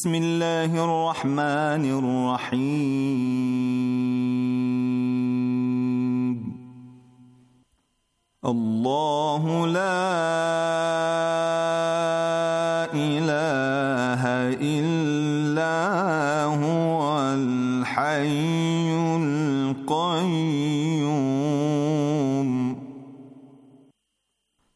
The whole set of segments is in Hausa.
بسم الله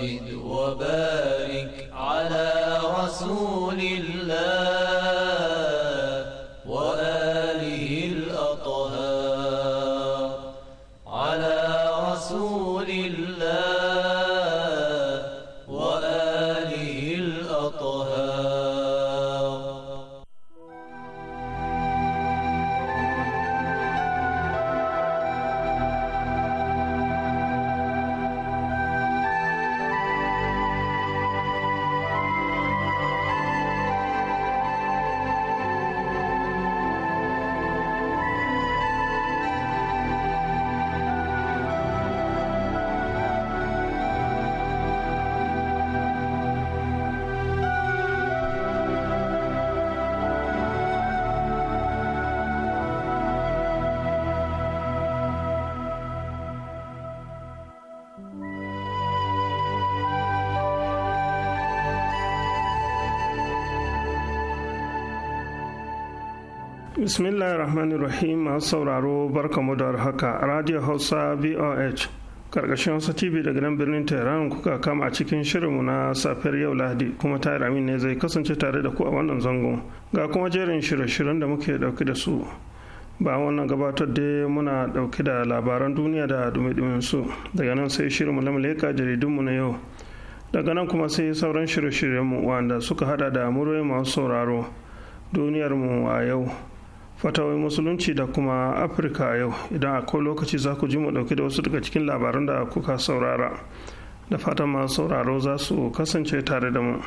وزد وبارك على رسول الله bismillahir rahmanir rahim masu sauraro barkamu da haka radio hausa voh karkashin wasu tv daga nan birnin tehran kuka kama a cikin shirinmu na safiyar yau lahadi kuma tayar amin ne zai kasance tare da ku a wannan zangon ga kuma jerin shirye-shiryen da muke dauke da su ba wannan gabatar da muna dauke da labaran duniya da dumi su daga nan sai shirinmu na muleka jaridunmu na yau daga nan kuma sai sauran shirye-shiryenmu wanda suka hada da muryoyi masu sauraro duniyarmu a yau fatawai musulunci da kuma afirka yau idan akwai lokaci za ku ji mu dauke da wasu daga cikin labaran da kuka saurara da fatan masu sauraro za su kasance tare da mu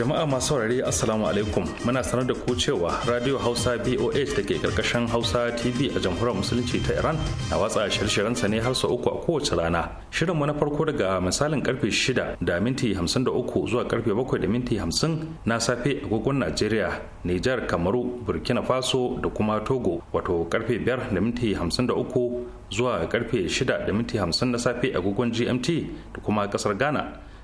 jama'a masu saurare assalamu alaikum muna sanar da ku cewa radio hausa boh da ke karkashin hausa tv a jamhuriyar musulunci ta iran na watsa shirye sa ne har sau uku a kowace rana shirin mu na farko daga misalin karfe shida da minti 53 zuwa karfe bakwai da minti 50 na safe agogon najeriya nijar kamaru burkina faso da kuma togo wato karfe 5 da minti 53 zuwa karfe shida da minti 50 na safe agogon gmt da kuma kasar ghana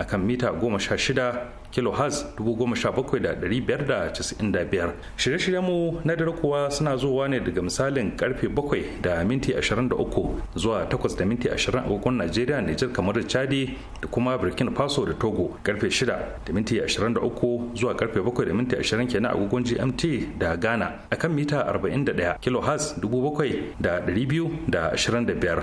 a kan mita 16 kilohertz 17,595 shirye-shiryen mu na dare kuwa suna zuwa ne daga misalin karfe 7 da minti 23 zuwa 8 da minti 20 agogon najeriya nijar kamar da chadi da kuma burkina faso da togo karfe 6 da minti 23 zuwa karfe 7 da minti 20 kenan agogon gmt da ghana a kan mita 41 kilohertz 7,225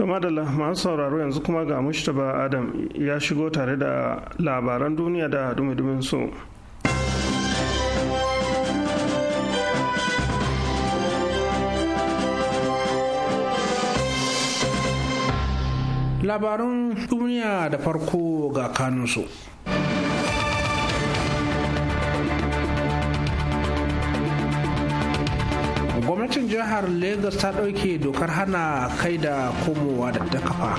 To madalla masu sauraro yanzu kuma ga Mustapha Adam ya shigo tare da labaran duniya da dumi su. Labaran duniya da farko ga kanunsu. jihar Legas ta ɗauke dokar hana kai da komowa da ta kafa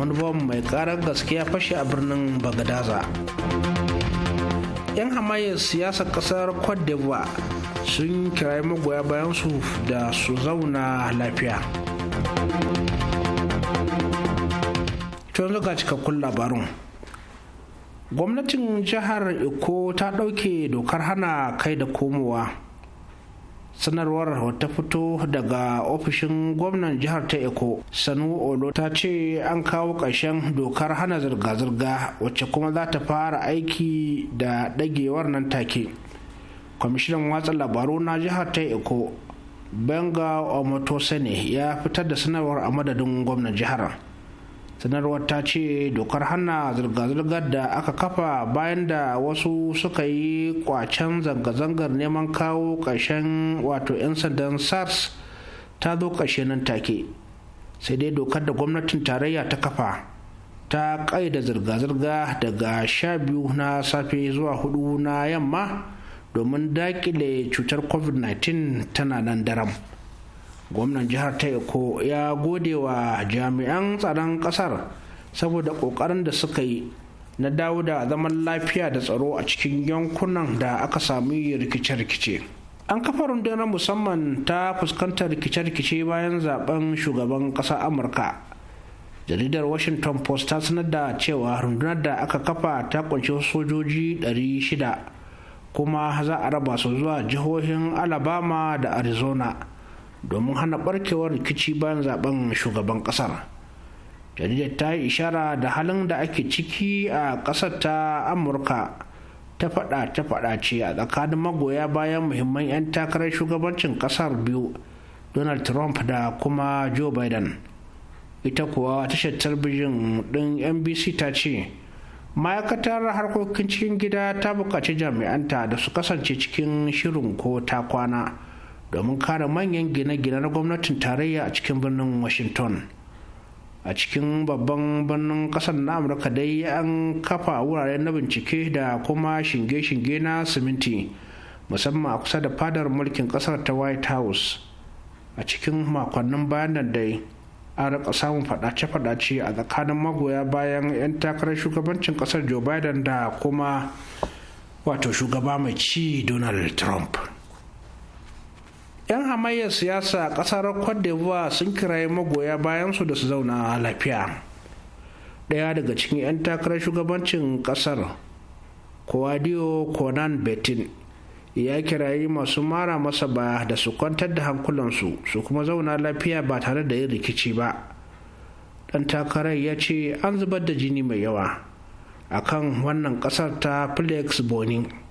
wani bom mai karar gaskiya fashe a birnin bagadaza yan hamayen siyasar ƙasar cote d'ivoire sun kirayi magoya bayan su da su zauna lafiya tun zuga cikakkun labarun gwamnatin jihar eko ta ɗauke dokar hana kai da komowa sanarwar ta fito daga ofishin gwamnan jihar ta eko sanu olo ta ce an kawo ƙarshen dokar hana zirga-zirga wacce kuma za ta fara aiki da ɗagewar nan take kwamishinan watsa labaru na jihar ta eko benga omotosene ya fitar da sanarwar a madadin gwamnan jihar sanarwar ta ce dokar hana zirga-zirgar da aka kafa bayan da wasu suka yi kwacen zanga-zangar neman kawo ƙarshen wato 'yan sandan sars ta zo ƙarshe nan take sai dai dokar da gwamnatin tarayya ta kafa ta ƙaida zirga-zirga daga sha biyu na safe zuwa hudu na yamma domin daƙile cutar covid-19 tana nan daram. gwamnan jihar ta eko ya gode wa jami'an tsaron kasar saboda kokarin da suka yi na dawo da zaman lafiya da tsaro a cikin yankunan da aka samu rikice-rikice an kafa rundunar musamman ta fuskantar rikice-rikice bayan zaben shugaban ƙasar amurka jaridar washington post ta sanar da cewa rundunar da aka kafa ta kunshi sojoji 600 kuma za a raba su zuwa jihohin alabama da arizona domin hana barkewar rikici bayan zaben shugaban kasar jaridar ta yi ishara da halin da ake ciki a ƙasar ta amurka ta faɗa ta faɗa ce a tsakanin magoya bayan muhimman 'yan takarar shugabancin kasar biyu donald trump da kuma joe biden ita kuwa tashar talbijin din nbc ta ce ma'aikatar harkokin cikin gida ta buƙaci jami'anta da su kasance cikin shirin ko ta kwana domin kare manyan gine-gine na gwamnatin tarayya a cikin birnin washington a cikin babban birnin kasar na amurka dai an kafa wuraren na bincike da kuma shinge-shinge na siminti musamman a kusa da fadar mulkin kasar ta white house a cikin makonnin nan dai an rika samun fadace-fadace a tsakanin magoya bayan 'yan takarar shugabancin kasar joe biden da kuma wato shugaba mai ci donald trump 'yan hamayyar siyasa a kasar cote d'ivoire sun kirayi magoya bayansu da su zauna a lafiya ɗaya daga cikin 'yan takarar shugabancin kasar kowadio conan betin ya kirayi masu mara masa baya da su kwantar da hankulansu su kuma zauna lafiya ba tare da yin rikici ba ɗan takarar ya ce an zubar da jini mai yawa akan wannan ƙasar ta flex boning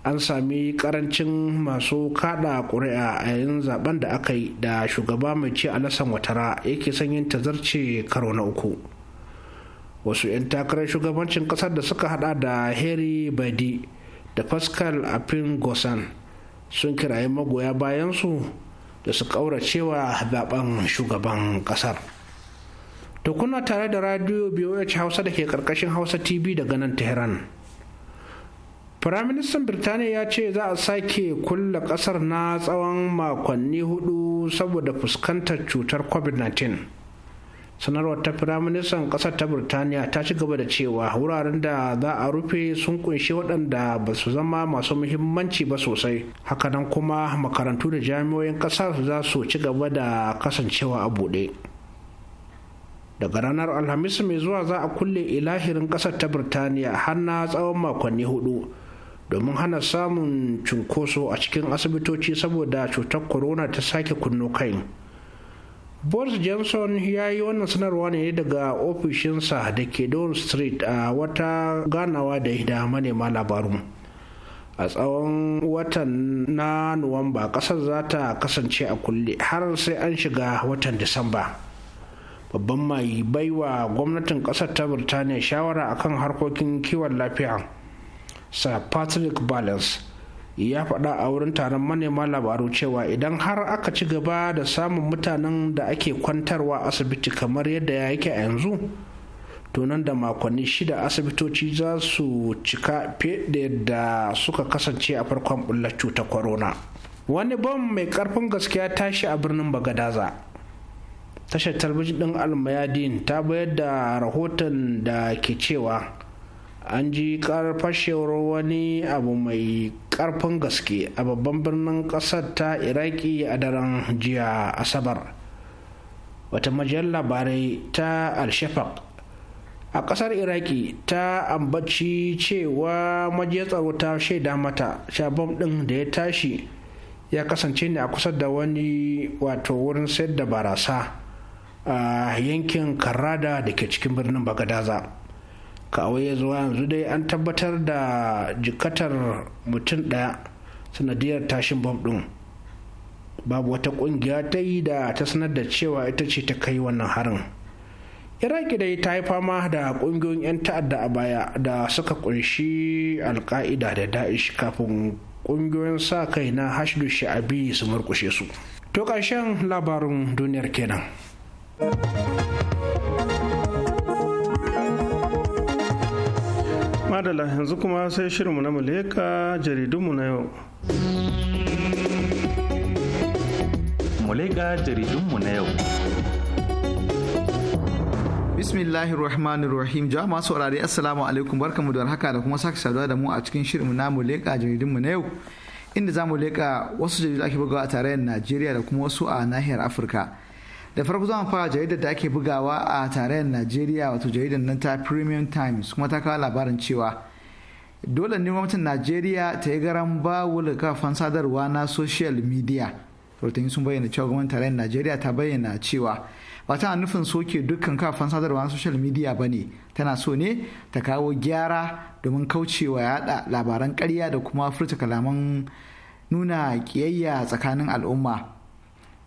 an sami karancin masu kada ƙuri'a a yayin zaben da aka yi da shugaba mai ci alasan watara yake son yin tazarce karo na uku wasu 'yan takarar shugabancin ƙasar da suka hada da harry badi da pascal afin gosan sun kirayi magoya bayansu da su ƙauracewa zaben shugaban ƙasar to kuna tare da radio biyu hausa da ke ƙarƙashin hausa tv daga nan tehran Firaministan Birtaniya ya ce za a sake kulle kasar na tsawon makonni hudu saboda fuskantar cutar COVID-19. Sanarwar ta Firaministan kasar ta Birtaniya ta ci gaba da cewa wuraren da za a rufe sun kunshi waɗanda ba su zama masu muhimmanci ba sosai. Hakanan kuma makarantu da jami'oyin kasar za su ci gaba da kasancewa a buɗe. daga ranar alhamis mai zuwa za a kulle ilahirin kasar ta birtaniya har na tsawon makonni hudu domin hana samun cunkoso a cikin asibitoci saboda cutar corona ta sake kunno kai boris johnson ya yi wannan sanarwa ne daga ofishinsa da ke don street a wata ganawa da da manema labaru a tsawon watan na nuwamba kasar za ta kasance a kulle har sai an shiga watan disamba babban mai baiwa gwamnatin kasar ta birtaniya shawara akan harkokin kiwon lafiya sir patrick balance ya faɗa a wurin taron manema labaru cewa idan har aka ci gaba da samun mutanen da ake kwantarwa asibiti kamar yadda ya yake a yanzu to nan da makonni shida asibitoci za su cika fiye da suka kasance a farkon bullar cutar corona wani bom mai karfin gaskiya tashi a birnin bagadaza tashar talbijin ɗin almayadin ta bayar da rahoton da ke cewa an ji karar fashewar wani abu mai karfin gaske a babban birnin kasar ta iraki a daren jiya asabar wata majiyar labarai ta alshafak a kasar iraki ta ambaci cewa majiyar tsaro ta shaida mata shabam din da ya tashi ya kasance ne a kusa da wani wato wurin sayar da barasa a yankin karrada da ke cikin birnin bagadaza kawai ya zuwa yanzu dai an tabbatar da jikatar mutum ɗaya sanadiyar tashin bom ɗin babu wata ƙungiya ta yi da ta sanar da cewa ita ce ta kai wannan harin iraki dai ta yi fama da ƙungiyoyin 'yan ta'adda a baya da suka ƙunshi alka'ida da da'ish kafin ƙungiyoyin sa kai na hashdu sha'abi su murkushe su to ƙarshen labarin duniyar kenan madala yanzu kuma sai shirinmu na muleka jaridunmu na yau muleka jaridunmu na yau bismillahir rahmanir rahim jama'a assalamu alaikum barkamu da haka da kuma sake saduwa da mu a cikin shirinmu na muleka jaridunmu na yau inda za mu leka wasu jaridu ake bugawa a tarayyar najeriya da kuma wasu a nahiyar afirka da farko zan fara jaridar da ake bugawa a tarayyar najeriya wato jaridar nan ta premium times kuma ta kawo labarin cewa dole ne gwamnatin najeriya ta yi garan bawul kafan sadarwa na social media rahotanni sun bayyana cewa gwamnatin tarayyar najeriya ta bayyana cewa ba tana nufin soke dukkan kafan sadarwa na social media ba ne tana so ne ta kawo gyara domin kaucewa yada labaran karya da kuma furta kalaman nuna kiyayya tsakanin al'umma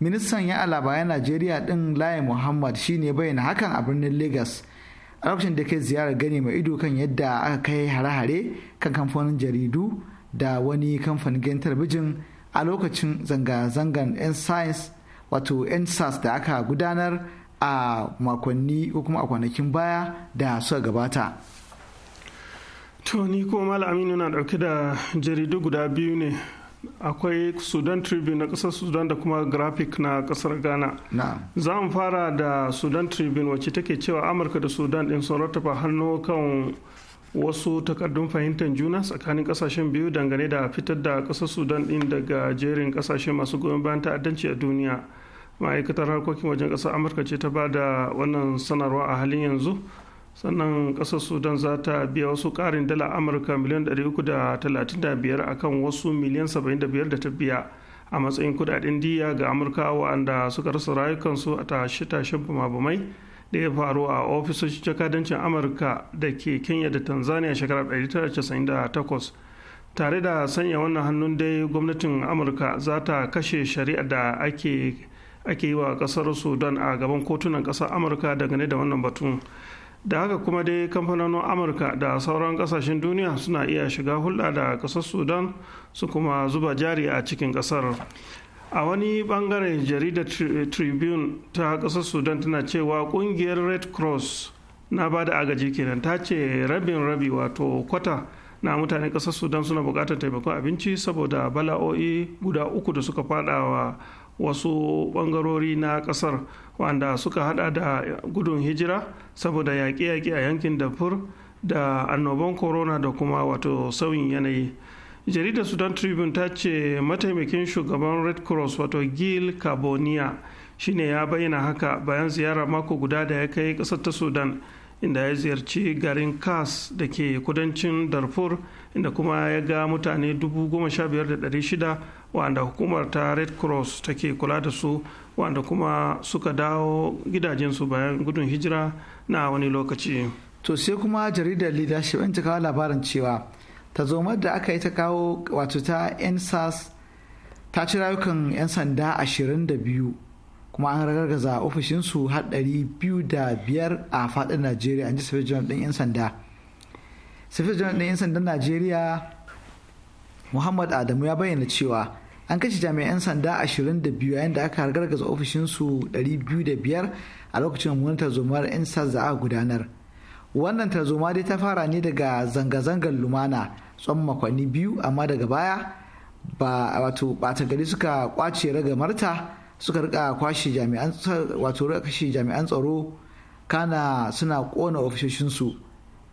ministan ya ya najeriya din layi muhammad shine bayyana hakan a birnin Legas, a lokacin da kai ziyarar gani mai ido kan yadda aka kai hare-hare kan kamfanin jaridu da wani kamfanin gidan talabijin a lokacin zanga-zangan 'yan science wato 'yan sas da aka gudanar a makonni ko kuma a kwanakin baya da suka gabata to ni kuma malam aminu na dauke da jaridu guda biyu ne akwai sudan tribune na kasar sudan da kuma graphic na kasar ghana za mu fara da sudan tribune wacce take cewa amurka da sudan din sun rattafa hannu kan wasu takardun fahimtar juna tsakanin kasashen biyu dangane da fitar da kasar sudan din daga jerin kasashe masu goyon bayan ta'addanci a duniya ma'aikatar harkokin wajen kasar amurka ce ta ba da wannan sanarwa a halin yanzu sannan kasar sudan za ta biya wasu karin dala amurka miliyan 335 kan wasu miliyan 75 da ta biya a matsayin kudaden diya ga amurka wa'anda suka rasa rayukansu a tashe-tashen bumabumai da ya faru a ofisoshin jakadancin amurka da ke kenya da tanzania shekarar 1998 tare da sanya wannan hannun dai gwamnatin amurka za ta kashe shari'a da ake ake yi wa kasar sudan a gaban kotunan kasar amurka dangane da wannan batun da haka kuma dai kamfanonin amurka da sauran kasashen duniya suna iya shiga hulɗa da ƙasar sudan su kuma zuba jari a cikin ƙasar a wani bangaren jaridar tribune ta ƙasar sudan tana cewa ƙungiyar red cross na ba da agaji kenan ta ce rabin rabi wato kwata na mutane ƙasar sudan suna buƙatar taimakon abinci saboda bala'o'i guda uku da suka faɗawa wasu bangarori na kasar wanda suka hada da gudun hijira saboda yaƙe-yaƙe a yankin dafur da annoban corona da kuma wato sauyin yanayi jaridar sudan tribune ta ce mataimakin shugaban red cross wato gil carbonia shine ya bayyana haka bayan ziyara mako guda da ya kai kasar ta sudan inda ya ziyarci garin kas da ke kudancin darfur inda kuma ya ga mutane 15,600 wanda hukumar ta red cross take kula da su wanda kuma suka dawo gidajensu bayan gudun hijira na wani lokaci to sai kuma jaridar leadership ta kawo labarin cewa tazomar da aka yi ta kawo wato ta nsas ta ci rayukan 'yan sanda 22 kuma an ragargaza ofishinsu har ɗari biyu da biyar a faɗin najeriya an ji safiyar janar ɗin 'yan sanda janar ɗin 'yan sandan najeriya muhammad adamu ya bayyana cewa an kashe jami'an sanda 22 yayin da aka ragargaza ofishinsu biyar a lokacin wani tarzomar 'yan da a gudanar wannan tarzoma dai ta fara ne daga zanga-zangar lumana tsawon makonni biyu amma daga baya ba wato ɓata gari suka kwace ragamarta suka rika kwashe jami'an wato rika kashe jami'an tsaro kana suna kona ofishoshinsu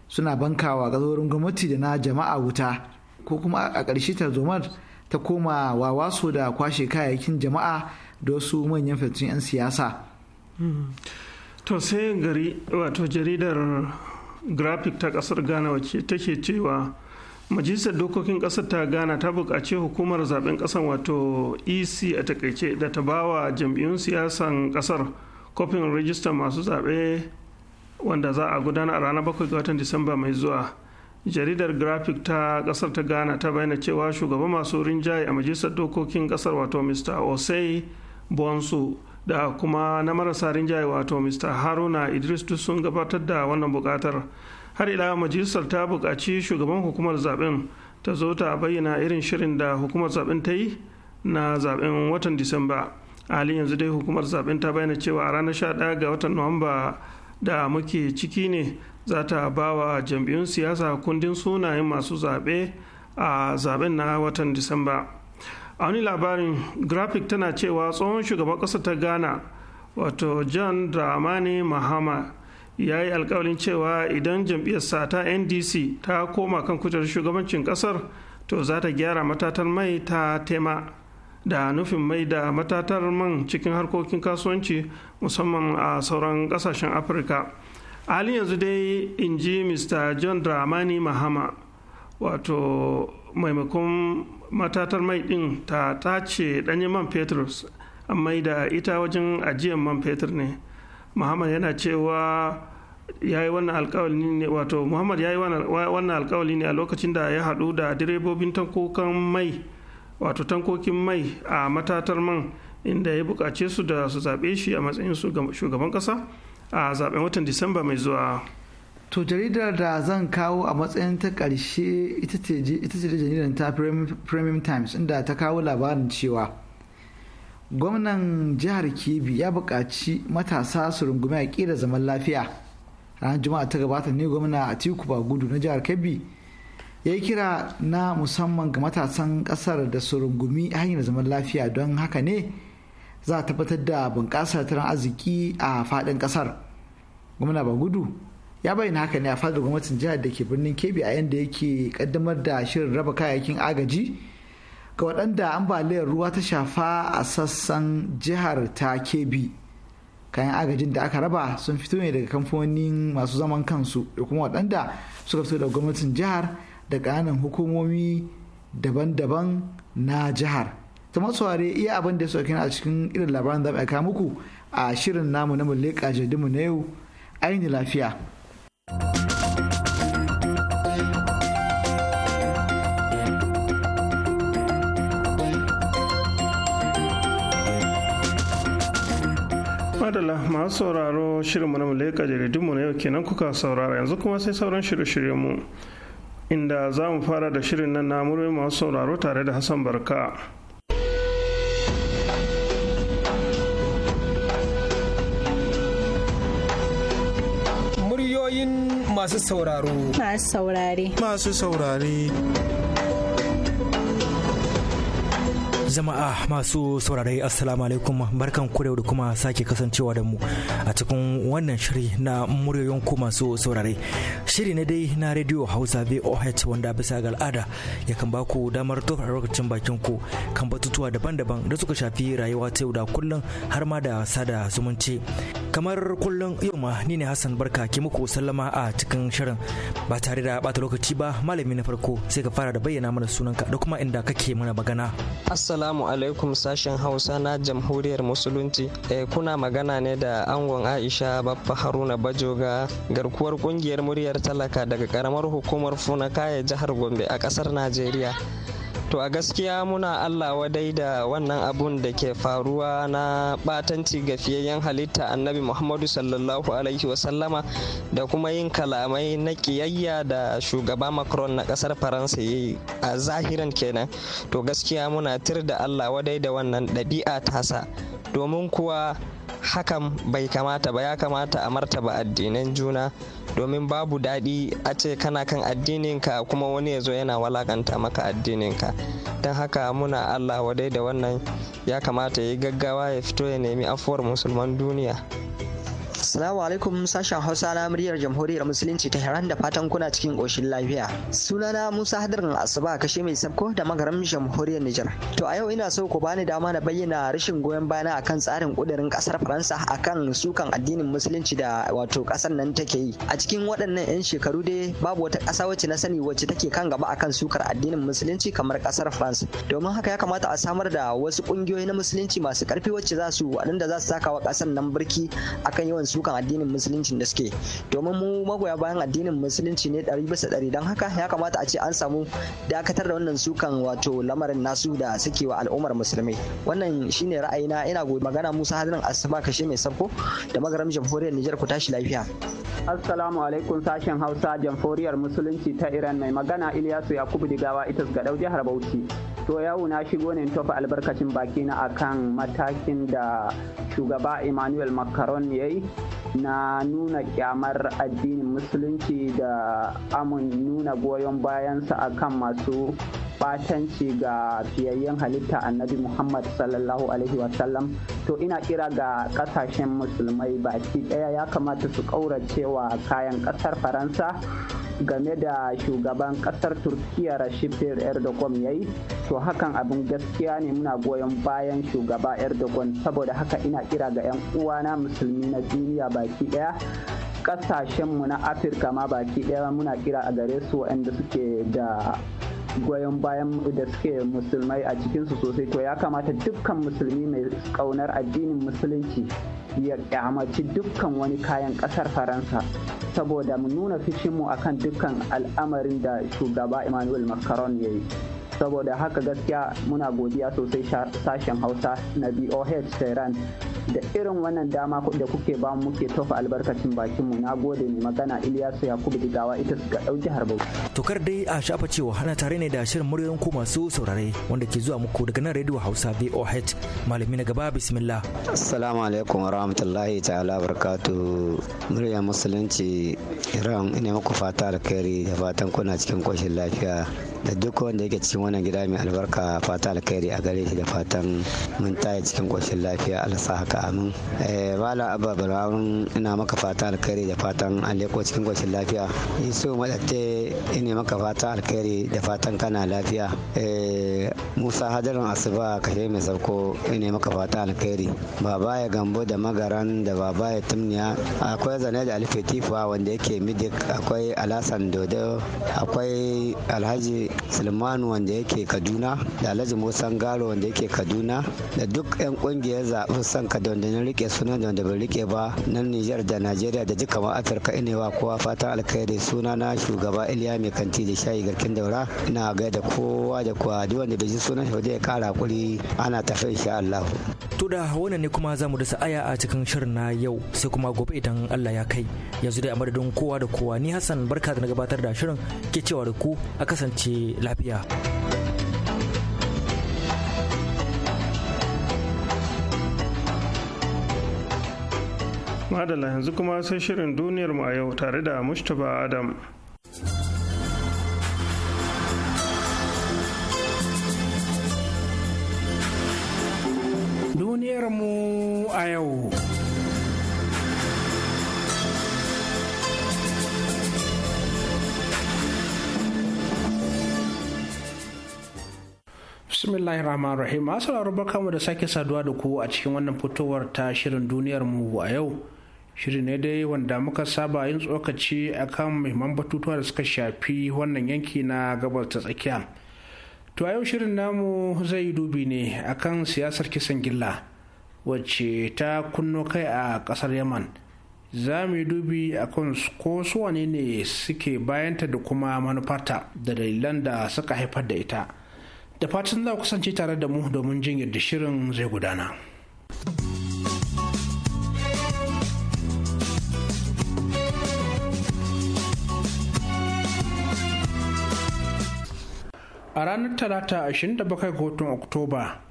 suna bankawa gazorin gwamnati da na jama'a wuta ko kuma a ƙarshe tarzomar ta koma su da kwashe kayayyakin jama'a da wasu manyan fitattun 'yan siyasa hmm. to sai gari wato jaridar graphic ta kasar ghana wacce take cewa majalisar dokokin kasar ta gana ta buƙaci hukumar zaben ƙasar wato ec a takaice da ta bawa jam'iyyun siyasan ƙasar kofin rijistar masu zaɓe wanda za a gudana a ranar 7 ga watan disamba mai zuwa jaridar graphic ta ƙasar ta ghana ta bayyana cewa shugaban masu rinjaye a majalisar dokokin kasar wato mr osei bonsu da kuma na marasa rinjaye wato mr haruna idris duk sun gabatar da wannan buƙatar har ila majalisar ta buƙaci shugaban hukumar zaben ta zo ta bayyana irin shirin da hukumar zaben ta yi na zaben watan disamba halin yanzu dai hukumar zaben ta bayyana cewa a ranar 11 ga watan nuwamba da muke ciki ne za ta ba wa jam'iyyun siyasa kundin sunayen masu zaɓe a zaben na watan disamba a wani labarin graphic tana cewa tsohon shugaban ƙasa ta ghana wato john dramani mahama ya yi alkawalin cewa idan jam'iyyarsa ta ndc ta koma kan kujerar shugabancin kasar to za ta gyara matatar mai ta tema da nufin mai da matatar man cikin harkokin kasuwanci musamman a sauran kasashen afirka halin yanzu dai in ji mr john dramani mahama wato maimakon matatar mai din ta tace danyen man petrus amma da ita wajen ajiyar man petrus ne muhammad yana cewa ya yi wannan alkawali ne wato muhammad ya yi wannan alkawali ne a lokacin da ya haɗu da direbobin tankokin mai wato tankokin mai a matatar man inda ya buƙace su da su zaɓe shi a matsayin shugaban ƙasa a zaɓen watan disamba mai zuwa to jaridar da zan kawo a matsayin ta ƙarshe ita ce jaridar ta premium times inda ta kawo labarin cewa gwamnan jihar kebbi ya buƙaci matasa su rungumi a ƙira zaman lafiya ranar juma'a ta gabata ne gwamna atiku gudu na jihar kebbi ya yi kira na musamman ga matasan ƙasar da su rungumi hanyar zaman lafiya don haka ne za a tabbatar da bunƙasar tattalin arziki a faɗin ƙasar gwamna bagudu ya bayyana haka ne a fadar gwamnatin jihar da ke birnin kebbi a yadda yake ƙaddamar da shirin raba kayayyakin agaji ga waɗanda ambaliyar ruwa ta shafa a sassan jihar ta kebi kayan agajin da aka raba sun fito ne daga kamfanonin masu zaman kansu da kuma waɗanda suka fito da gwamnatin jihar da ƙananan hukumomi daban-daban na jihar ta masuware iya abin da suka kina a cikin irin labaran da aka muku a shirin namu na mulle jadinmu na yau ainihin lafiya. madala masu sauraro shirinmu na muleka jaridunmu na yau kenan kuka saurara yanzu kuma sai sauran shirye shirye mu inda za mu fara da shirin nan na masu sauraro tare da hassan barka muryoyin masu sauraro masu saurare masu saurare Jama'a masu saurare Assalamu alaikum barkan ku da kuma sake kasancewa da mu a cikin wannan shiri na muryoyin ku masu saurare. Shiri na dai na Radio Hausa VOH wanda bisa ga al'ada ya ba ku damar tofa lokacin bakin ku kan batutuwa daban-daban da suka shafi rayuwa ta yau da kullum har ma da sada zumunci. Kamar kullum yau ma ni ne Hassan Barka ke muku sallama a cikin shirin ba tare da bata lokaci ba malami na farko sai ka fara da bayyana mana sunanka da kuma inda kake mana magana. Assalamu alaikum sashen Hausa na Jamhuriyar Musulunci. E, kuna magana ne da angon Aisha Baffa Haruna Bajoga garkuwar kungiyar muryar talaka daga karamar hukumar Funakaya jihar Gombe a kasar Najeriya. to a gaskiya muna allah wadai da wannan abun da ke faruwa na batanci ga fiyayyen halitta annabi muhammadu sallallahu alaihi wasallama da kuma yin kalamai na kiyayya da shugaba macron na kasar faransa ya yi a zahiran kenan to gaskiya muna tir da allah wadai da wannan ɗabi'a tasa domin kuwa hakan bai kamata ba ya kamata a martaba addinan juna domin babu daɗi a ce kana kan addininka kuma wani ya zo yana walakanta maka addininka don haka muna allah wadai da wannan ya kamata ya yi gaggawa ya fito ya nemi afuwar musulman duniya Assalamu alaikum sashen Hausa na muryar Jamhuriyar Musulunci ta Iran da fatan kuna cikin ƙoshin lafiya. Sunana Musa Hadar Asuba kashe mai sabko da magaram Jamhuriyar Nijar. To a yau ina so ku bani dama na bayyana rashin goyon bayana akan tsarin kudirin ƙasar Faransa akan sukan addinin Musulunci da wato ƙasar nan take yi. A cikin waɗannan 'yan shekaru dai babu wata ƙasa wacce na sani wacce take kan gaba akan sukar addinin Musulunci kamar ƙasar France. Domin haka ya kamata a samar da wasu ƙungiyoyi na Musulunci masu ƙarfi wacce za su waɗanda za su saka wa ƙasar nan birki akan yawan su sukan addinin musulunci da suke domin mu magoya bayan addinin musulunci ne ɗari bisa ɗari don haka ya kamata a ce an samu dakatar da wannan sukan wato lamarin nasu da suke wa al'ummar musulmai wannan shine ra'ayina ina gobe magana musa hadirin asuba kashe mai sabko da magaram jamhuriyar nijar ku tashi lafiya assalamu alaikum sashen hausa jamhuriyar musulunci ta iran mai magana ilyasu yakubu digawa itas dau jihar bauchi to yau na shigo ne tofa albarkacin baki na akan matakin da shugaba emmanuel macron ya yi na nuna kyamar addinin musulunci da amun nuna goyon bayansa akan masu batanci ga fiyayyen halitta annabi muhammad sallallahu alaihi wasallam to ina kira ga kasashen musulmai baki daya ya kamata su kauracewa kayan kasar faransa game da shugaban kasar turkiya rashid erdogan ya yi to hakan abin gaskiya ne muna goyon bayan shugaba erdogan saboda haka ina kira ga 'yan uwana musulmi na duniya baki daya kasashenmu na afirka ma baki daya muna kira a gare su waɗanda suke da goyon bayan da suke musulmai a cikinsu sosai to ya kamata dukkan musulmi mai kaunar addinin musulunci ya kyamaci dukkan wani kayan kasar faransa saboda mu nuna fishinmu akan dukkan al'amarin da shugaba emmanuel macron ya yi saboda haka gaskiya muna godiya sosai sashen hausa na boh tehran da irin wannan dama da kuke ba mu ke tofa albarkacin bakin mu na gode mai magana Ilyasu Yakubu Digawa ita suka dauki jihar to Tokar dai a shafa cewa hana tare ne da shirin muryoyin ku masu saurare wanda ke zuwa muku daga nan rediyo Hausa VOH malami na gaba bismillah. Assalamu alaikum wa rahmatullahi ta'ala barakatu murya musulunci Iran ina muku fata alkhairi da fatan kuna cikin koshin lafiya da duk wanda yake cikin wannan gida mai albarka fata alkhairi a gare shi da fatan mun taya cikin koshin lafiya Allah sa Ka amin bala eh, abba barawan ina maka fata alkhairi da fatan aleko cikin koshin lafiya iso madatte ina maka fata alkhairi da fatan kana lafiya eh, musa hadarin asuba kashe mai sauko ina maka fata alkhairi baba ya gambo da magaran da baba ya tumniya akwai zane da alfetifuwa wanda yake midik akwai alasan dodo akwai alhaji sulmanu wanda yake kaduna da alhaji musan garo wanda yake kaduna da duk 'yan kungiyar zaɓi son da wanda na rike suna da wanda rike ba na Nijar da Najeriya da duka ma Afirka ina wa kowa fatan alkhairi suna na shugaba Iliya mai kanti da shayi garkin daura ina gaida kowa da kowa duk wanda bai ji sunan shi ya kara hakuri ana tafi insha Allah. To da wannan ne kuma za mu dasa aya a cikin shirin na yau sai kuma gobe idan Allah ya kai yanzu dai a madadin kowa da kowa ni Hassan barka da na gabatar da shirin ke cewa da ku a kasance lafiya. Madalla yanzu kuma sai shirin duniyar mu a yau tare da mustapha adam duniyar mu a yau bismillahir rahmanir rahim assalamu alaikum da sake saduwa da ku a cikin wannan fitowar ta shirin duniyar mu a yau shiri ne dai wanda muka saba yin tsokaci kan muhimman batutuwa da suka shafi wannan yanki na gabar ta tsakiya to yau shirin namu zai yi dubi ne akan siyasar kisan gilla wacce ta kunno kai a kasar yaman za mu yi dubi akan ko wane ne suke bayanta da kuma manufarta da dalilan da suka haifar da ita da fatan za ku kasance tare da mu domin jin yadda shirin zai gudana. a ranar talata 27 ga watan oktoba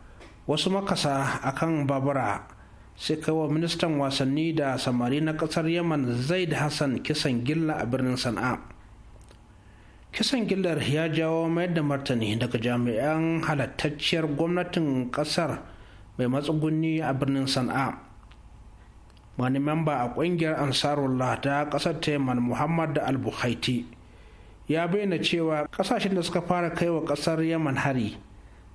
wasu makasa a kan babura sai kawo ministan wasanni da samari na kasar yaman da hassan kisan gilla a birnin sana'a kisan gillar ya jawo mayar da martani daga jami'an halattacciyar gwamnatin kasar mai matsugunni a birnin sana'a wani mamba a kungiyar ansarullah ta kasar ta yaman muhammad al albuhaiti ya bayyana cewa kasashen da suka fara kai wa kasar yaman hari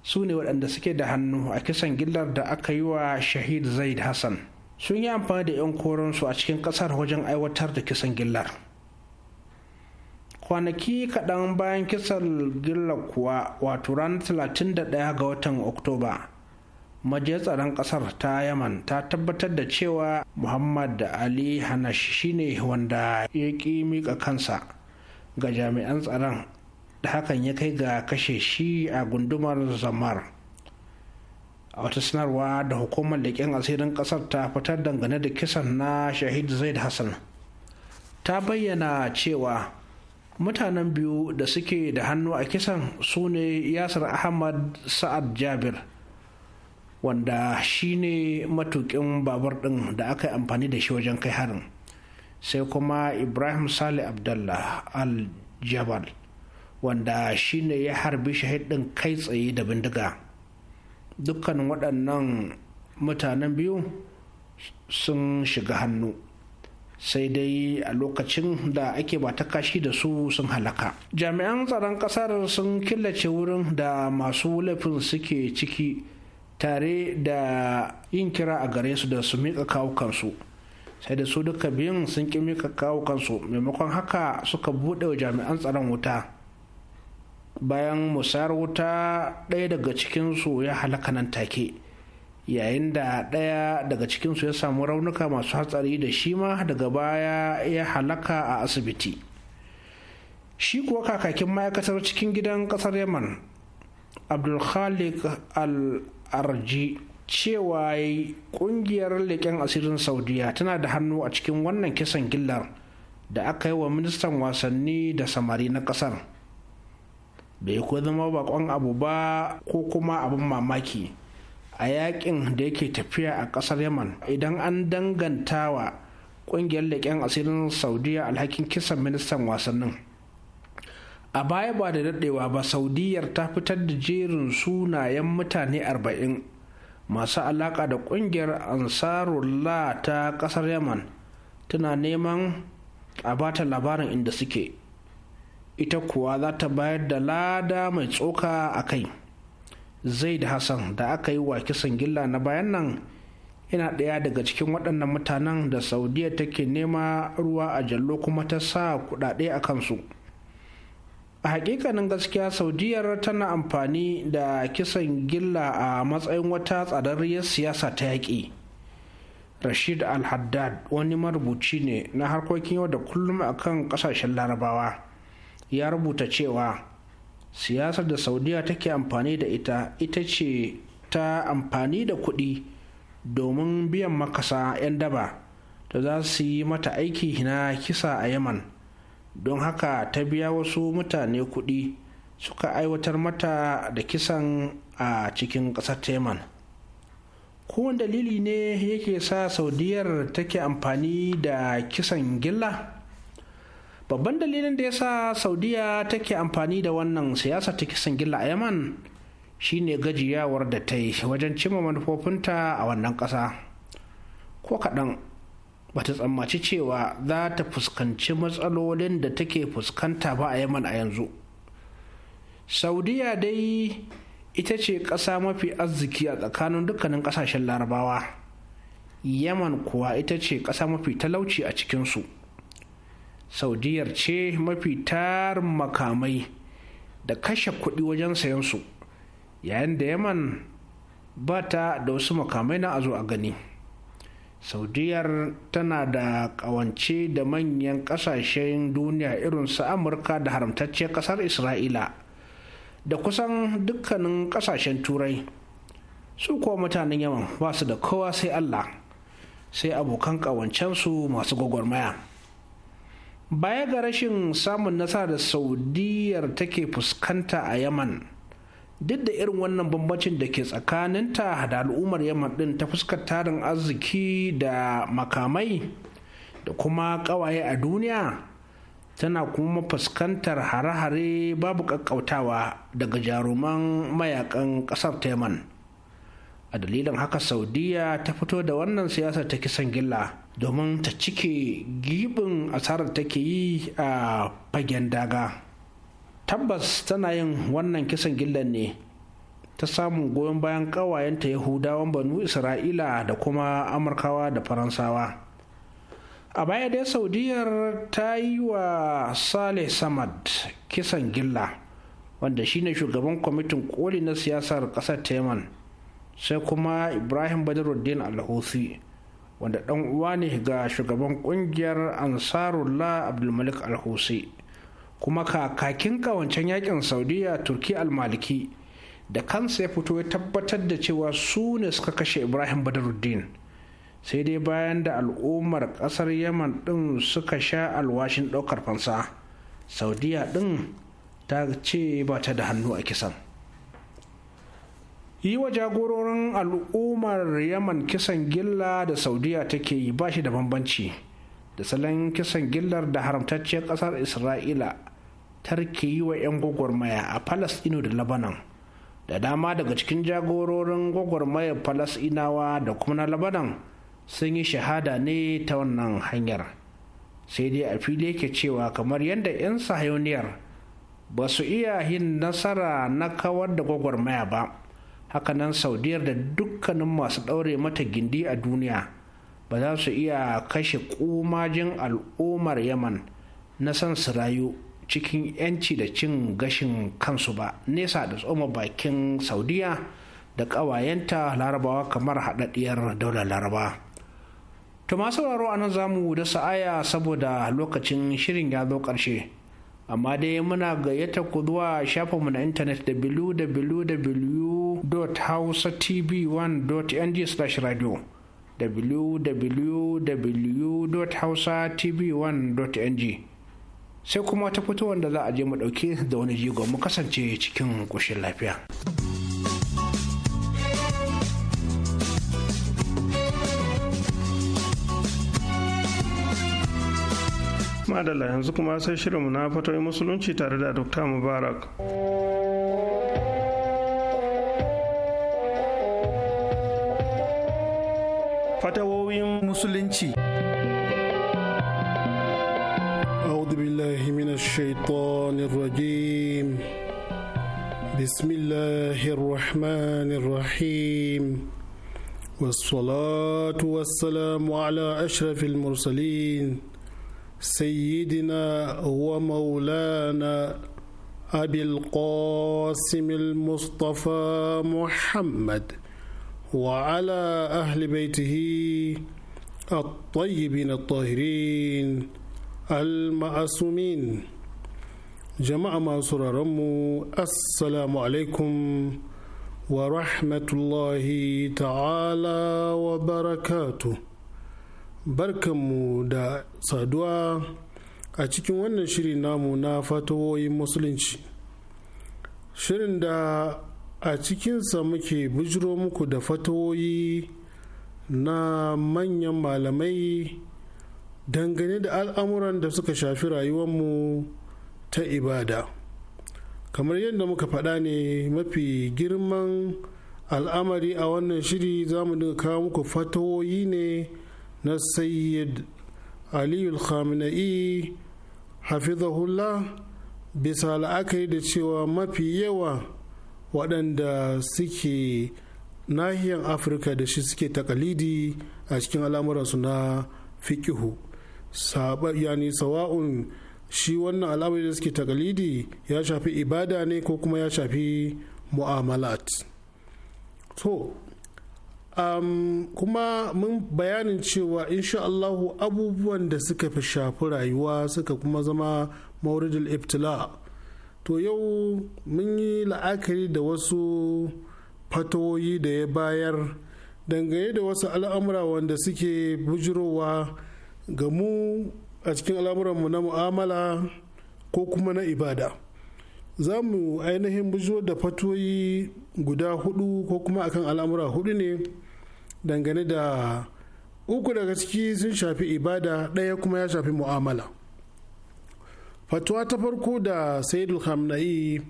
su ne waɗanda suke da hannu a kisan gillar da aka yi wa shahid zaid hassan sun yi amfani da 'yan koransu a cikin kasar wajen aiwatar da kisan gillar kwanaki kaɗan bayan kisan gillar kuwa wato ranar 31 ga watan oktoba majiyar tsaron kasar ta yaman ta tabbatar da cewa muhammad ali hanash shine wanda ya ƙi mika kansa ga jami'an tsaron da hakan ya kai ga kashe shi a gundumar zamar a wata sanarwa da hukumar leƙen asirin ƙasar ta fitar dangane da kisan na shahid zaid hassan ta bayyana cewa mutanen biyu da suke da hannu a kisan su ne yasir ahmad sa'ad jabir wanda shine matuƙin babur ɗin da aka yi amfani da shi wajen kai harin sai kuma ibrahim salih abdullah al-jabal wanda shine ya harbi shahidin kai tsaye da bindiga dukkan waɗannan mutanen biyu sun shiga hannu sai dai a lokacin da ake ba ta kashi da su sun halaka jami'an tsaron ƙasar sun killace wurin da masu laifin suke ciki tare da yin kira a gare su da su miƙa kawukansu sai da su duka biyun sun ƙi mika kawo kansu maimakon haka suka buɗe wa jami'an tsaron wuta bayan musayar wuta ɗaya daga cikinsu ya halaka nan take yayin da ɗaya daga cikinsu ya samu raunuka masu hatsari da shi ma daga baya ya halaka a asibiti shi kuwa kakakin ma'aikatar cikin gidan ƙasar yaman abdulkhalik al-arji cewa kungiyar leƙen asirin saudiya tana da hannu a cikin wannan kisan gillar da aka yi wa ministan wasanni da samari na ƙasar bai ko zama bakon abu ba ko kuma abin mamaki a yakin da yake tafiya a ƙasar yaman idan an dangantawa kungiyar leƙen asirin saudiya alhakin kisan ministan wasannin a baya ba da daɗewa ba saudiyar ta fitar da jerin sunayen mutane arba'in. masu alaka da kungiyar ansarullah ta kasar yaman tana neman a bata labarin inda suke ita kuwa za ta bayar da lada mai tsoka a kai Zai da hassan da aka yi wa kisan gilla na bayan nan yana ɗaya daga cikin waɗannan mutanen da saudiya take nema ruwa a jallo kuma ta sa kuɗaɗe a kansu a hakikanin gaskiya saudiyar tana amfani da kisan gilla a matsayin wata tsadarriyar siyasa ta yaƙi rashid al-haddad wani marubuci ne na harkokin yau da kullum a kan ƙasashen larabawa ya rubuta cewa siyasar da saudiya take amfani da ita ita ce ta amfani da kuɗi domin biyan makasa 'yan daba da za su yi mata aiki na kisa a yaman don haka ta biya wasu mutane kuɗi suka aiwatar mata da kisan a cikin ƙasar teman kowane dalili ne yake sa saudiyar take amfani da kisan gilla babban dalilin da ya sa saudiya take amfani da wannan siyasa ta kisan gilla a yaman shine gajiyawar da ta yi wajen cimma manufofinta a wannan ƙasa ko kaɗan bata tsammaci cewa za ta fuskanci matsalolin da take fuskanta ba a yaman a yanzu saudiya dai ita ce ƙasa mafi arziki a tsakanin dukkanin ƙasashen larabawa yaman kuwa ita ce ƙasa mafi talauci a cikinsu saudiyar ce mafi tarin makamai da kashe kuɗi wajen sayansu yayin da yaman ba ta da wasu makamai na a zo a gani. saudiyar tana da kawance da manyan kasashen duniya irin su amurka da haramtacciyar kasar isra'ila da kusan dukkanin kasashen turai su kuwa mutanen yaman ba su da kowa sai allah sai abokan kawancensu masu gwagwarmaya baya ga rashin samun nasara da saudiyar take fuskanta a yaman duk da irin wannan bambancin da ke tsakaninta da al'ummar yamma din ta fuskar tarin arziki da makamai da kuma kawaye a duniya tana kuma fuskantar hare-hare babu kakkautawa daga jaruman mayakan kasar teman a dalilin haka saudiya ta fito da wannan siyasar ta kisan gilla domin ta cike gibin asarar take yi a fagen daga tabbas tana yin wannan kisan gillan ne ta samun goyon bayan ƙawayenta yahudawan banu isra'ila da kuma amurkawa da faransawa a baya dai saudiyar ta yi wa sale samad kisan gilla wanda shine shugaban kwamitin koli na siyasar ƙasar teman sai kuma ibrahim badaruddin alhusi wanda ɗan uwa ne ga shugaban kungiyar ansarullah abdulmalik alhusi kuma kakakin kawancen yakin saudiya turki almaliki da kansa ya fito ya tabbatar da cewa su ne suka kashe ibrahim badaruddin sai dai bayan da al'ummar kasar yaman din suka sha alwashin daukar fansa saudiya din ta ce ba ta da hannu a kisan yi wa jagororin al'ummar yaman kisan gilla da saudiya take yi ba shi da bambanci da salon kisan gillar da haramtacciyar ƙasar isra'ila ta tarke yi wa 'yan gwagwarmaya a falasɗinu da labanan da dama daga cikin jagororin gwagwarmayar falasɗinawa da kuma na labanan sun yi shahada ne ta wannan hanyar sai dai a fili yake cewa kamar yadda 'yan sahayoniyar ba su iya yin nasara na kawar da gwagwarmaya ba hakanan saudiyar da dukkanin masu ɗaure mata gindi a duniya ba za su iya kashe komajin al'ummar yaman na san su rayu cikin 'yanci da cin gashin kansu ba nesa da tsoma bakin saudiya da ƙawayenta larabawa kamar haɗaɗɗiyar daular laraba to masu sauraro a nan za mu da sa'aya saboda lokacin shirin ya zo ƙarshe amma dai muna gayyata ku zuwa shafinmu na intanet www.hausatv1.ng/radio www.hausatv1.ng sai kuma wata fito wanda za a je mu ɗauke da wani jigo mu kasance cikin ƙoshin lafiya. madalla yanzu kuma sai shirinmu na fatoyin musulunci tare da dr mubarak fatawowin musulunci أعوذ بالله من الشيطان الرجيم بسم الله الرحمن الرحيم والصلاة والسلام على أشرف المرسلين سيدنا ومولانا أبي القاسم المصطفى محمد وعلى أهل بيته الطيبين الطاهرين المعصومين jama'a masu mu assalamu alaikum wa rahmatullahi ta'ala wa barakatu barkanmu da saduwa a cikin wannan shiri namu na fatawoyin musulunci shirin da a cikinsa muke bujiro muku da fatawoyi na manyan malamai dangane da al'amuran da suka shafi rayuwarmu ta ibada kamar yadda muka faɗa ne mafi girman al'amari a wannan shiri za mu dinga kawo muku fatawoyi ne na sayyid aliyul khamenei hafizahullah bisa la'akari da cewa mafi yawa waɗanda suke nahiyar afirka da shi suke takalidi a cikin al'amuransu na fikihu yani sawa'un shi wannan al'amari da suke takalidi ya shafi ibada ne ko kuma ya shafi mu'amalat so um, kuma mun bayanin cewa insha Allahu abubuwan da suka fi shafi rayuwa suka kuma zama mauridul iftila. to yau mun yi la'akari da wasu fatoyi da ya bayar dangane da wasu al'amura wanda suke bujirowa ga mu a cikin al'amuranmu na mu'amala ko kuma na ibada za mu ainihin bujiro da fatoyi guda hudu ko kuma akan al'amura hudu ne dangane da uku daga ciki sun shafi ibada ɗaya kuma ya shafi mu'amala. fatuwa ta farko da saidul hamna'i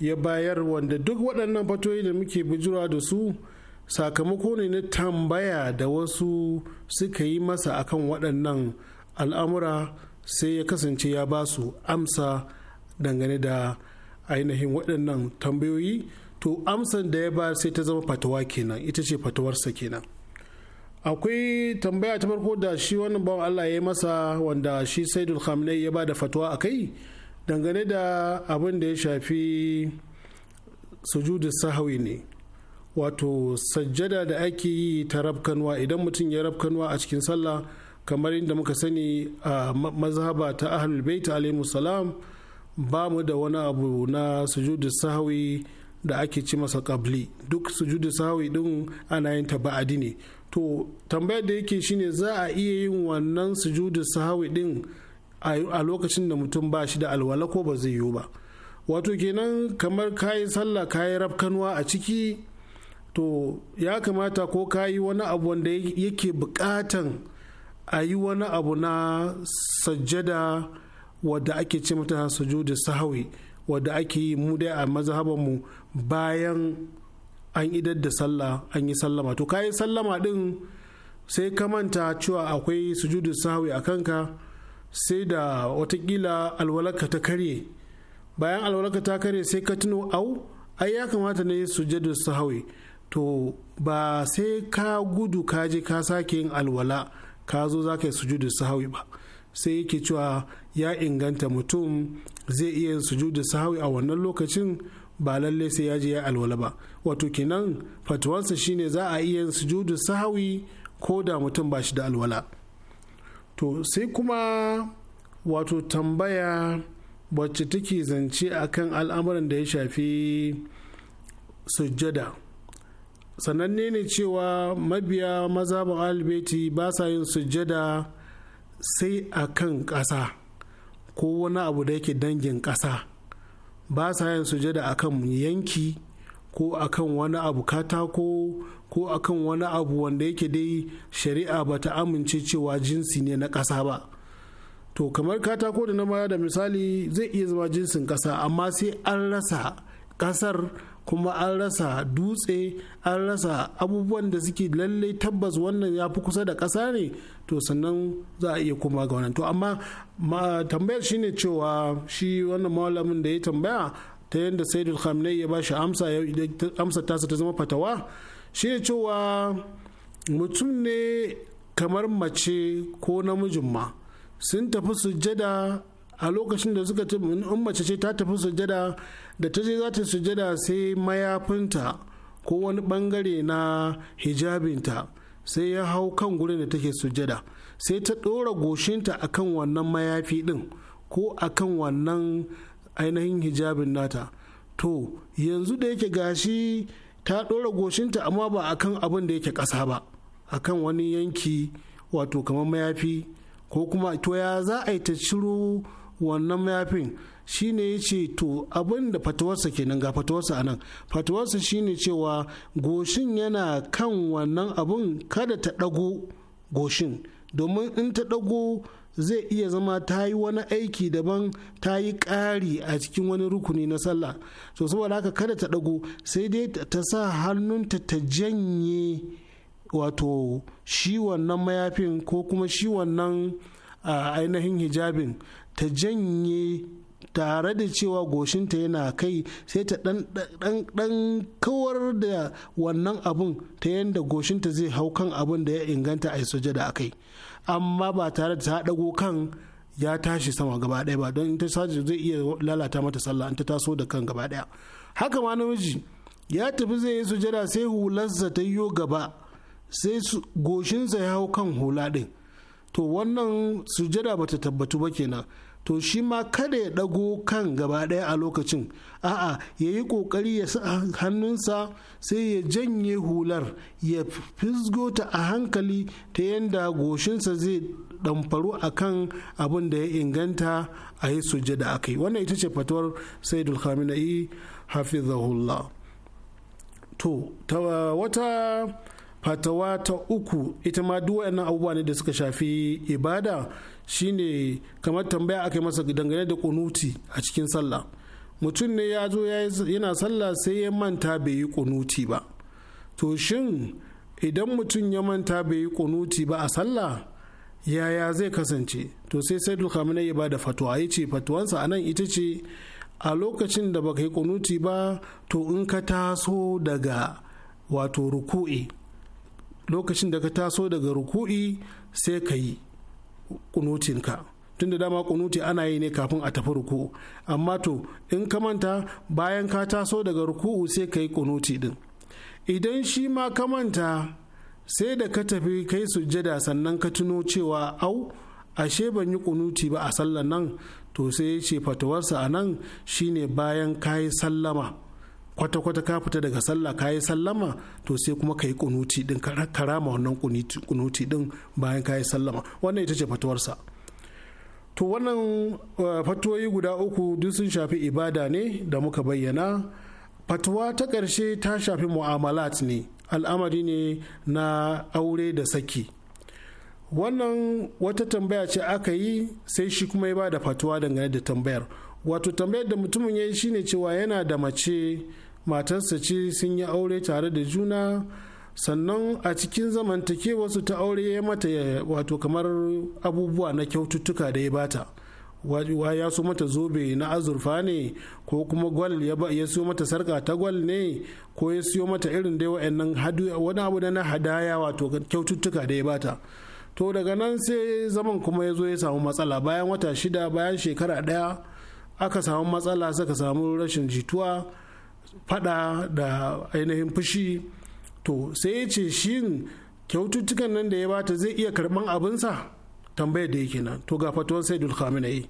ya bayar wanda duk waɗannan fatoyi da muke bijirwa da su sakamako ne na tambaya da wasu suka yi masa akan waɗannan al'amura sai ya kasance ya ba su amsa dangane da ainihin waɗannan tambayoyi to amsan da ya ba sai ta zama fatawa kenan ita ce fatawarsa kenan akwai tambaya ta farko da shi wannan bawan Allah ya yi masa wanda shi saidul khamenei ya ba da fatuwa a kai dangane da abin da ya shafi sujudu sahawi ne wato sajjada da ake yi ta rabkanwa idan mutum ya rabkanwa a cikin sallah kamar inda muka sani a mazhaba ta ahlul bait alaihi salam ba mu da wani abu na sujudu sahawi da ake ci masa kabli duk sujudu sahawi din ana yin ta ba'adi ne to tambayar da yake shine za a iya yin wannan sujudu sahawi din a lokacin da mutum ba shi da alwala ko ba zai yiwu ba wato kenan kamar kayi sallah kayi rafkanwa a ciki to ya kamata ko kayi wani abu wanda yake bukatan a yi wani abu na sajjada wadda ake ce mata sujudu sahawi wadda ake yi mu dai a mazhabanmu bayan an idar da sallah an yi sallama to kayi sallama din sai ka manta cewa akwai sujudu sahwi a kanka sai da watakila alwalarka ta karye bayan alwalarka ta karye sai ka tuno au ai ya kamata ne sujudu sahwi to ba sai ka gudu ka je ka sake yin alwala ka zo za ka yi sujudu sahwi ba sai yake cewa ya inganta mutum zai iya yin sujudu sahawi a wannan lokacin ba lalle sai ya je ya alwala ba wato kenan fatuwarsa shine za a iya sujudu sahawi ko da mutum ba shi da alwala to sai kuma wato tambaya wacce take zance akan al'amuran da ya shafi sujjada sananne ne cewa mabiya mazhabin albeti ba sa yin sujjada sai akan kasa ko wani abu da yake dangin kasa. ba sa yin sujada akan yanki ko kan wani abu katako ko akan wani abu wanda yake dai shari'a ba ta amince cewa jinsi ne na ƙasa ba to kamar katako da na baya da misali zai iya zama jinsin ƙasa amma sai an rasa ƙasar kuma an rasa dutse an rasa abubuwan da suke lallai tabbas wannan ya fi kusa da ƙasa ne to sannan za a iya koma ga wannan to amma tambayar shine cewa shi wannan malamin da ya tambaya ta yadda saidul khamenei ya ba shi amsa amsa tasa ta zama fatawa shine cewa mutum ne kamar mace ko namijin ma sun tafi sujjada a lokacin da suka ce in mace ce ta tafi sujjada da ta je za ta sujada sai mayafinta ko wani bangare na hijabinta sai ya hau kan gurin da take sujada sai ta ɗora goshinta akan wannan mayafi din ko akan wannan ainihin hijabin nata to yanzu da yake gashi ta ɗora goshinta amma ba akan abin da yake ƙasa ba akan wani yanki wato kamar mayafi ko kuma to ya za a yi ta ciro wannan mayafin shine ya ce to abin da fatuwarsa kenan ga fatuwarsa anan fatuwarsa shine cewa goshin yana kan wannan abun kada ta ɗago goshin domin in ta ɗago zai iya zama ta yi wani aiki daban ta yi ƙari a cikin wani rukuni na sallah so saboda haka kada ta ɗago sai dai ta sa hannunta ta janye wato shi wannan mayafin ko kuma shi wannan ainihin hijabin ta janye tare da cewa goshinta yana kai sai ta dan kawar da wannan abun ta yadda goshinta zai hau kan abun da ya inganta a sujada a kai amma ba tare da ta dago kan ya tashi sama gaba ɗaya ba don ta sace zai iya lalata mata sallah in ta taso da kan gaba ɗaya haka ma namiji ya tafi zai yi sujada sai hularsa ta yiwo gaba sai goshinsa ya hau kan hula ɗin to wannan sujada ba ta tabbatu ba kenan to shi ma kada ya ɗago kan gaba ɗaya a lokacin a'a ya yi ƙoƙari ya sa hannunsa sai ya janye hular ya fisgo ta a hankali ta yadda goshinsa zai ɗamfaru a kan abin da ya inganta a yi da aka yi. wannan ita ce fatuwar saidul khamenei hafizahullah to ta wata fatawa ta uku ita ma duk waɗannan abubuwa ne da suka shafi ibada shine kamar tambaya aka yi masa dangane da kunuti a cikin sallah mutum ne ya zo yana sallah sai ya manta bai yi kunuti ba to shin idan mutum ya manta bai yi kunuti ba a sallah yaya zai kasance to sai sai khamenei ya bada fatuwa ya ce fatuwansa anan ita ce a lokacin da baka yi kunuti ba to in ka taso daga wato ruku'i lokacin da ka taso daga ruku'i sai ka yi kunutinka tunda dama kunuti ana yi ne kafin a tafi ruku'u amma to in ka manta bayan ka taso daga ruku'u sai ka yi kunuti din idan shi ma ka manta sai da ka tafi kai sujjada sannan ka tuno cewa au ashe ban yi kunuti ba a sallan nan to sai ya ce fatawarsa a nan shine bayan ka yi sallama kwata-kwata ka fita daga sallah ka yi sallama to sai kuma ka yi kunuti din ka rama wannan kunuti din bayan ka yi sallama wannan ita ce fatuwarsa to wannan eh, fatuwoyi guda uku duk sun shafi ibada ne da muka bayyana fatuwa ta ƙarshe ta shafi mu'amalat ne al'amari ne na aure da saki wannan wata tambaya ce aka yi sai shi kuma ya ba da fatuwa dangane da tambayar wato tambayar da mutumin ya yi shine cewa yana da mace matarsa ce sun yi aure tare da juna sannan a cikin zamantake wasu ta aure ya mata wato kamar abubuwa na kyaututtuka da ya bata wa ya so mata zobe na azurfa ne ko kuma gwal ya siyo mata sarka ta gwal ne ko ya siyo mata irin dai wa'annan wani abu na hadaya wato kyaututtuka da ya bata to daga nan sai zaman kuma ya zo ya samu matsala bayan wata shida bayan shekara ɗaya aka samu matsala suka samu rashin jituwa fada da ainihin fushi to sai ya ce shi kyaututtukan nan da ya bata zai iya karban abinsa tambayar da yake nan to ga fatuwar saidul khamenei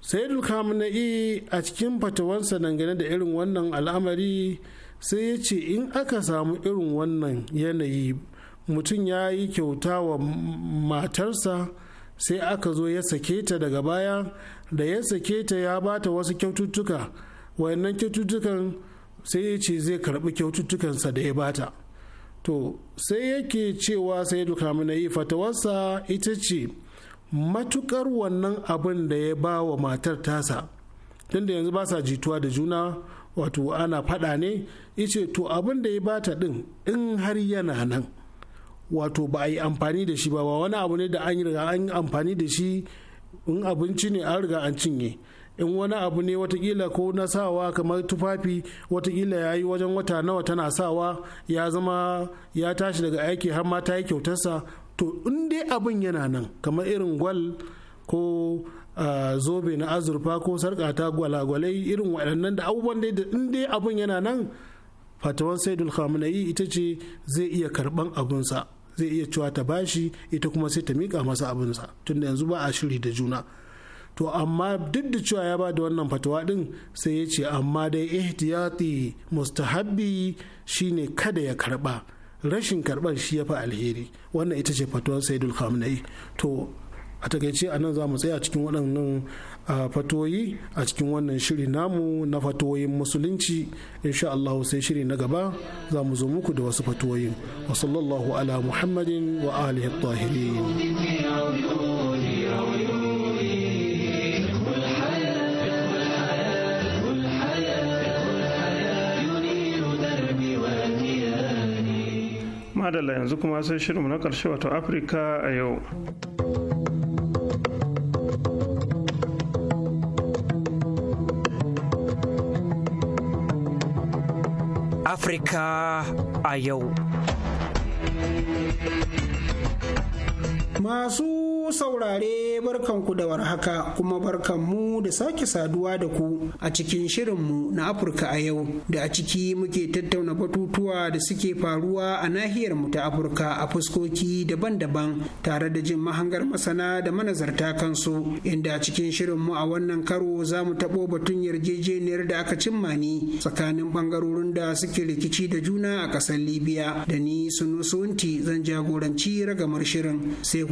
saidul khamenei a cikin fatawarsa dangane da irin wannan al'amari sai ya ce in aka samu irin wannan yanayi mutum ya yi kyauta wa matarsa sai aka zo ya sake ta daga baya da ya sake ta ya bata wasu kyaututtuka wayannan kyaututtukan sai ya ce zai karbi kyaututtukansa da ya bata to sai yake cewa sai mana yi fatawarsa ita ce matukar wannan abin da ya ba wa matar tasa tunda yanzu ba sa jituwa da juna wato ana fada ne ice to abin da ya bata din in har yana nan wato ba a yi amfani da shi ba wani abu ne da an yi riga amfani da shi in abinci ne an riga an cinye in wani abu ne watakila ko na sawa kamar tufafi watakila ya yi wajen wata nawa tana sawa ya zama ya tashi daga aiki har ma ta yi kyautarsa to in dai abin yana nan kamar irin gwal ko zobe na azurfa ko sarkata gwalagwalai irin waɗannan da abubuwan dai da in dai abin yana nan fatawan saidul khamenei ita ce zai iya karban abunsa zai iya cewa ta bashi ita kuma sai ta miƙa masa abunsa tunda yanzu ba a shiri da juna to amma duk da cewa ya ba da wannan fatawa din sai ya ce amma dai ihtiyati mustahabbi shine kada ya karba rashin karban shi ya fi alheri wannan ita ce fatuwar saidul khamenei to a takaice a nan za mu tsaya cikin waɗannan fatoyi a cikin wannan shiri namu na fatoyin musulunci insha Allah sai shiri na gaba za mu zo muku da wasu fatoyin wa sallallahu ala muhammadin wa alihi tahirin madalla yanzu kuma sai shirinmu na ƙarshe wato afirka a yau afirka a yau Masu saurare barkan ku da warhaka kuma barkan mu da sake saduwa da ku a cikin shirin mu na Afirka a yau da a ciki muke tattauna batutuwa da suke faruwa a nahiyar mu ta Afirka a fuskoki daban-daban tare da jin mahangar masana da manazarta kansu inda a cikin mu a wannan karo za mu taɓo batun yarjejeniyar da aka cimma ni tsakanin ɓangarorin da suke rikici da juna a ƙasar Libya da ni Sunusunti zan jagoranci ragamar shirin sai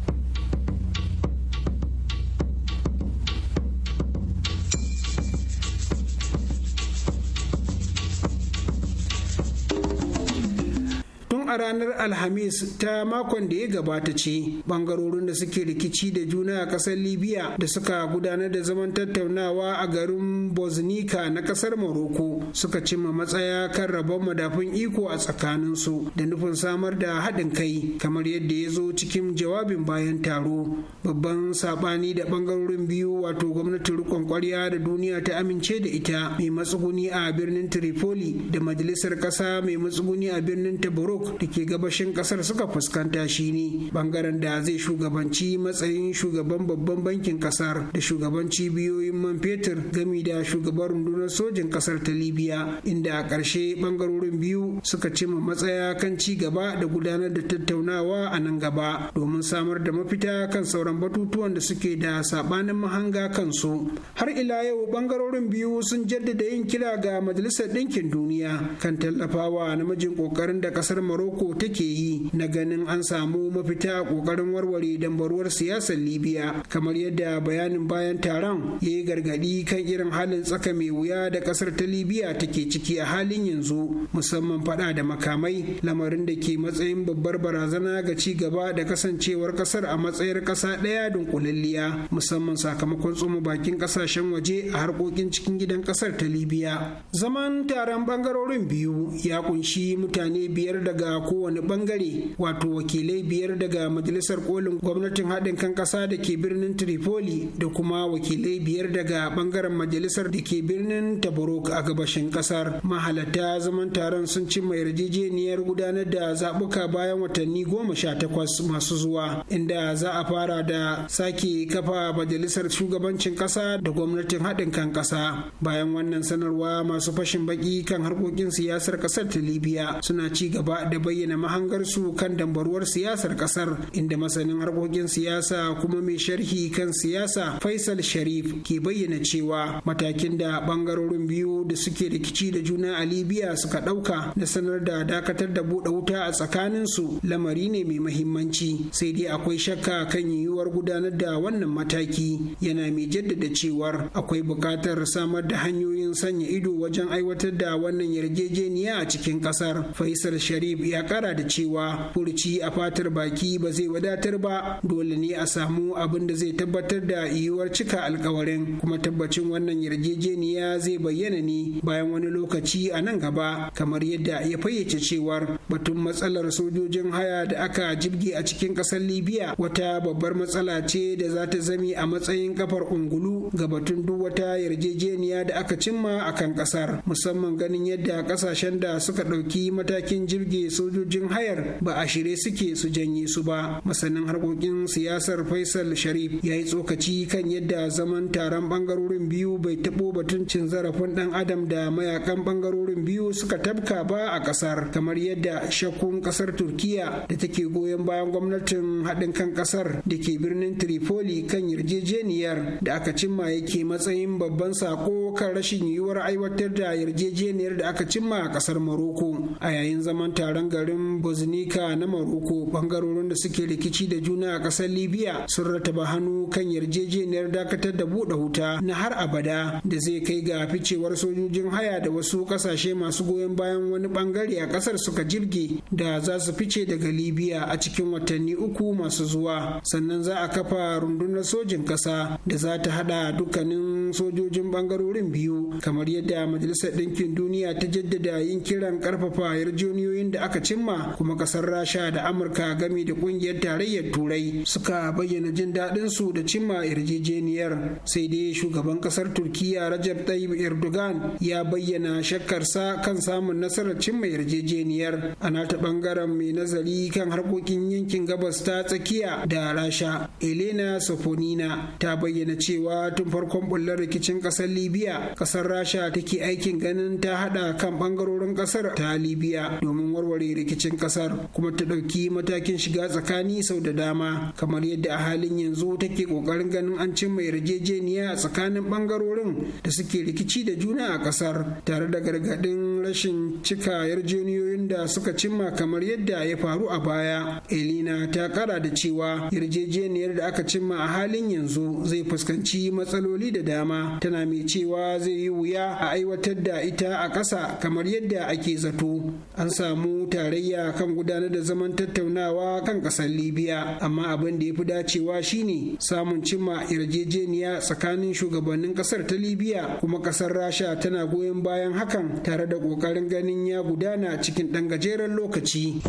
a ranar alhamis ta makon da ya gabata ce bangarorin da suke rikici da juna a kasar libya da suka gudanar da zaman tattaunawa a garin bosnika na kasar morocco suka cimma matsaya kan rabon madafun iko a tsakaninsu da nufin samar da haɗin kai kamar yadda ya zo cikin jawabin bayan taro babban saɓani da bangarorin biyu wato gwamnatin rikon kwarya da duniya ta amince da ita mai matsuguni a birnin tripoli da majalisar ƙasa mai matsuguni a birnin tabarok da ke gabashin kasar suka fuskanta shi ne. bangaren da zai shugabanci matsayin shugaban babban bankin kasar da shugaban cibiyoyin man fetur gami da shugaban rundunar sojin kasar ta libya inda a ƙarshe bangarorin biyu suka cima matsaya kan ci gaba da gudanar da tattaunawa a nan gaba domin samar da mafita kan sauran batutuwan da suke da sabanin mahanga kansu har ila yau bangarorin biyu sun jaddada yin kira ga majalisar ɗinkin duniya kan tallafawa namijin ƙoƙarin da ƙasar Morocco morocco take yi na ganin an samu mafita a ƙoƙarin warware dambaruwar siyasar libya kamar yadda bayanin bayan taron ya yi gargadi kan irin halin tsaka mai wuya da ƙasar ta libya take ciki a halin yanzu musamman faɗa da makamai lamarin da ke matsayin babbar barazana ga ci gaba da kasancewar ƙasar a matsayar ƙasa ɗaya dunkulalliya musamman sakamakon tsoma bakin ƙasashen waje a harkokin cikin gidan ƙasar ta libya zaman taron bangarorin biyu ya ƙunshi mutane biyar daga kowane bangare wato wakilai biyar daga majalisar kolin gwamnatin haɗin kan ƙasa da ke birnin tripoli da kuma wakilai biyar daga bangaren majalisar da ke birnin tabarok a gabashin ƙasar mahalatta zaman taron sun cimma yarjejeniyar gudanar da zaɓuka bayan watanni goma sha takwas masu zuwa inda za a fara da sake kafa majalisar shugabancin ƙasa da gwamnatin haɗin kan ƙasa bayan wannan sanarwa masu fashin baki kan harkokin siyasar ƙasar ta libya suna ci gaba da bayyana mahangarsu kan dambaruwar siyasar kasar inda masanin harkokin siyasa kuma mai sharhi kan siyasa faisal sharif ke bayyana cewa matakin da bangarorin biyu da suke rikici da juna a libya suka ɗauka na sanar da dakatar da buɗe wuta a tsakaninsu lamari ne mai mahimmanci sai dai akwai shakka kan yiwuwar gudanar da wannan mataki yana mai jaddada cewar akwai buƙatar samar da hanyoyin sanya ido wajen aiwatar da wannan yarjejeniya a cikin ƙasar faisal sharif ya kara da cewa furci a fatar baki ba zai wadatar ba dole ne a samu abin da zai tabbatar da yiwuwar cika alkawarin kuma tabbacin wannan yarjejeniya zai bayyana ne bayan wani lokaci a nan gaba kamar yadda ya fayyace cewar batun matsalar sojojin haya da aka jibge a cikin kasar libya wata babbar matsala ce da za ta zami a matsayin kafar ungulu ga batun duk wata yarjejeniya da aka cimma a kan kasar musamman ganin yadda kasashen da suka ɗauki matakin jirge sojojin sojojin hayar ba a shirye suke su janye su ba masanin harkokin siyasar faisal sharif ya yi tsokaci kan yadda zaman taron bangarorin biyu bai taɓo batun cin zarafin ɗan adam da mayakan bangarorin biyu suka tabka ba a ƙasar kamar yadda shakkun ƙasar turkiya da take goyon bayan gwamnatin haɗin kan ƙasar da ke birnin tripoli kan yarjejeniyar da aka cimma yake matsayin babban sako kan rashin yiwuwar aiwatar da yarjejeniyar da aka cimma a ƙasar maroko a yayin zaman taron garin bosnika na maroko bangarorin da suke rikici da juna a ƙasar libya sun rataba hannu kan yarjejeniyar dakatar da buɗe wuta na har abada da zai kai ga ficewar sojojin haya da wasu ƙasashe masu goyon bayan wani bangare a ƙasar suka jirge da za su fice daga libya a cikin watanni uku masu zuwa sannan za a kafa rundunar sojin ƙasa da za ta haɗa dukkanin sojojin bangarorin biyu kamar yadda majalisar ɗinkin duniya ta jaddada yin kiran ƙarfafa yarjejeniyoyin da aka cimma kuma kasar rasha da amurka gami da kungiyar tarayyar turai suka bayyana jin daɗin su da cimma yarjejeniyar sai dai shugaban kasar turkiya rajab tayyip erdogan ya bayyana shakkarsa kan samun nasarar cimma yarjejeniyar a nata bangaren mai nazari kan harkokin yankin gabas ta tsakiya da rasha elena sofonina ta bayyana cewa tun farkon bullar rikicin kasar libya kasar rasha take aikin ganin ta hada kan bangarorin kasar ta libya domin warware rikicin kasar kuma ta ɗauki matakin shiga tsakani sau da dama kamar yadda a halin yanzu take ƙoƙarin ganin an cimma yarjejeniya a tsakanin ɓangarorin da suke rikici da juna a ƙasar tare da gargaɗin rashin cika yarjejeniyoyin da suka cimma kamar yadda ya faru a baya elina ta kara da cewa yarjejeniyar da aka cimma a halin yanzu zai fuskanci matsaloli da dama tana mai cewa zai yi wuya a aiwatar da ita a ƙasa kamar yadda ake zato an samu ta tarayya kan gudanar da zaman tattaunawa kan ƙasar libya amma abin da ya fi dacewa shine samun cimma yarjejeniya tsakanin shugabannin ƙasar ta libya kuma ƙasar rasha tana goyon bayan hakan tare da ƙoƙarin ganin ya gudana cikin ɗan gajeren lokaci.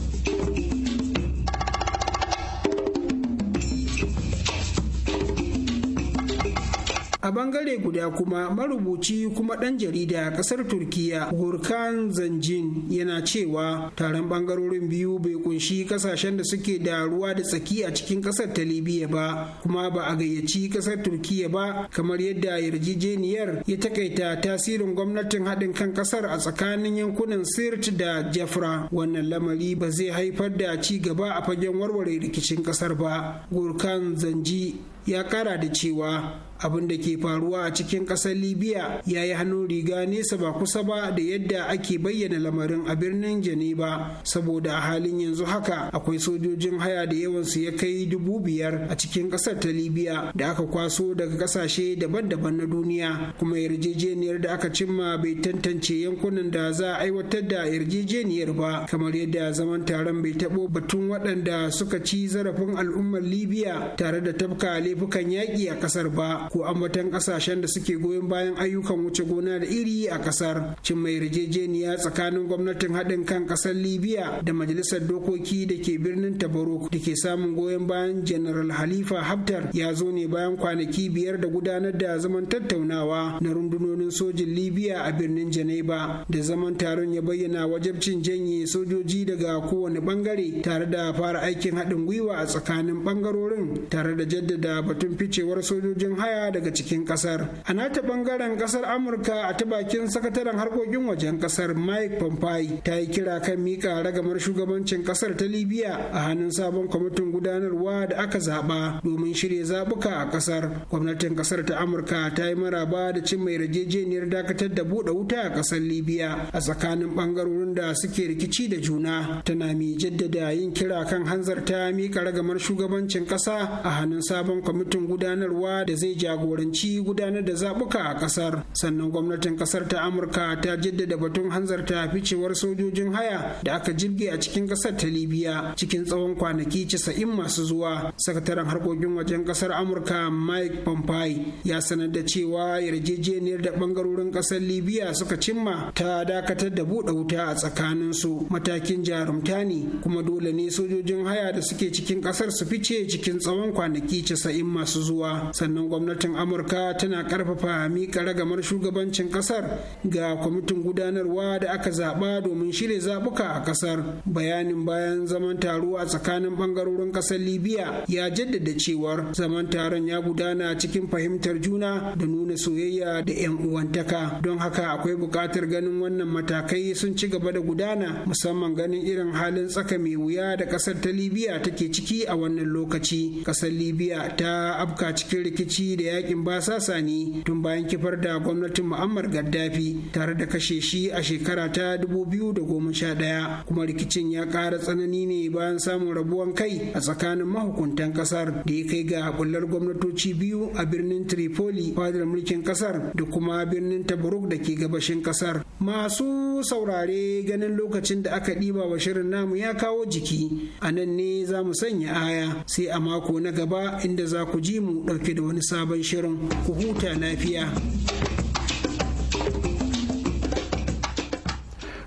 a bangare guda kuma marubuci kuma ɗan jarida a ƙasar turkiya Gurkan zanjin yana cewa taron bangarorin biyu bai kunshi ƙasashen da suke da ruwa da tsaki a cikin ƙasar ta libya ba kuma ba a gayyaci ƙasar turkiya ba kamar yadda yarjejeniyar ya takaita tasirin gwamnatin haɗin kan ƙasar a tsakanin yankunan sirt da jafra wannan lamari ba zai haifar da ci gaba a fagen warware rikicin ƙasar ba gurkan zanji ya kara da cewa abin da ke faruwa a cikin ƙasar libya ya yi hannun riga nesa ba kusa ba da yadda ake bayyana lamarin a birnin geneva saboda a halin yanzu haka akwai sojojin haya da yawansu ya kai dubu biyar a cikin ƙasar ta libya da aka kwaso daga ƙasashe daban-daban na duniya kuma yarjejeniyar da aka cimma bai tantance yankunan da za a aiwatar da yarjejeniyar ba kamar yadda zaman taron bai taɓo batun waɗanda suka ci zarafin al'ummar libya tare da tafka laifukan yaƙi a ƙasar ba ko ambaton kasashen da suke goyon bayan ayyukan wuce gona da iri a kasar cin mai yarjejeniya tsakanin gwamnatin haɗin kan kasar libya da majalisar dokoki da ke birnin tabaruk da ke samun goyon bayan general halifa haftar ya zo ne bayan kwanaki biyar da gudanar da zaman tattaunawa na rundunonin sojin libya a birnin janeba da zaman taron ya bayyana wajabcin janye sojoji daga kowane bangare tare da fara aikin haɗin gwiwa a tsakanin bangarorin tare da jaddada batun ficewar sojojin haya daga cikin kasar a nata bangaren kasar amurka a ta bakin sakataren harkokin wajen kasar mike pompeo ta yi kira kan mika ragamar shugabancin kasar ta libya a hannun sabon kwamitin gudanarwa da aka zaba domin shirya zabuka a kasar gwamnatin kasar ta amurka ta yi maraba da cin mai yarjejeniyar dakatar da buɗe wuta a kasar libya a tsakanin bangarorin da suke rikici da juna tana mai jaddada yin kira kan hanzarta mika ragamar shugabancin kasa a hannun sabon kwamitin gudanarwa da zai ja jagoranci gudanar da zaɓuka a ƙasar sannan gwamnatin ƙasar ta amurka ta jaddada batun hanzarta ficewar sojojin haya da aka jirge a cikin ƙasar ta libiya cikin tsawon kwanaki casa'in masu zuwa sakataren harkokin wajen ƙasar amurka mike pompey ya sanar da cewa yarjejeniyar da ɓangarorin ƙasar libiya suka cimma ta dakatar da buɗe wuta a tsakanin su matakin jarumta ne kuma dole ne sojojin haya da suke cikin ƙasar su fice cikin tsawon kwanaki casa'in masu zuwa sannan gwamnati gwamnatin amurka tana karfafa miƙa ragamar shugabancin kasar ga kwamitin gudanarwa da aka zaɓa domin shirya zaɓuka a kasar bayanin bayan zaman taro a tsakanin ɓangarorin ƙasar libya ya jaddada cewar zaman taron ya gudana cikin fahimtar juna da nuna soyayya da 'yan uwantaka don haka akwai buƙatar ganin wannan matakai sun ci gaba da gudana musamman ganin irin halin tsaka mai wuya da ƙasar ta libya take ciki a wannan lokaci ƙasar libya ta afka cikin rikici da da yakin basasa ne tun bayan kifar da gwamnatin mu'ammar gaddafi tare da kashe shi a shekara ta 2011 kuma rikicin ya kara tsanani ne bayan samun rabuwan kai a tsakanin mahukuntan kasar da ya kai ga hakullar gwamnatoci biyu a birnin tripoli fadar mulkin kasar da kuma birnin tabaruk da ke gabashin kasar masu saurare ganin lokacin da aka ɗiba wa shirin namu ya kawo jiki a nan ne za mu sanya aya sai a mako na gaba inda za ku ji mu ɗauke da wani sabon sabon shirin ku huta lafiya.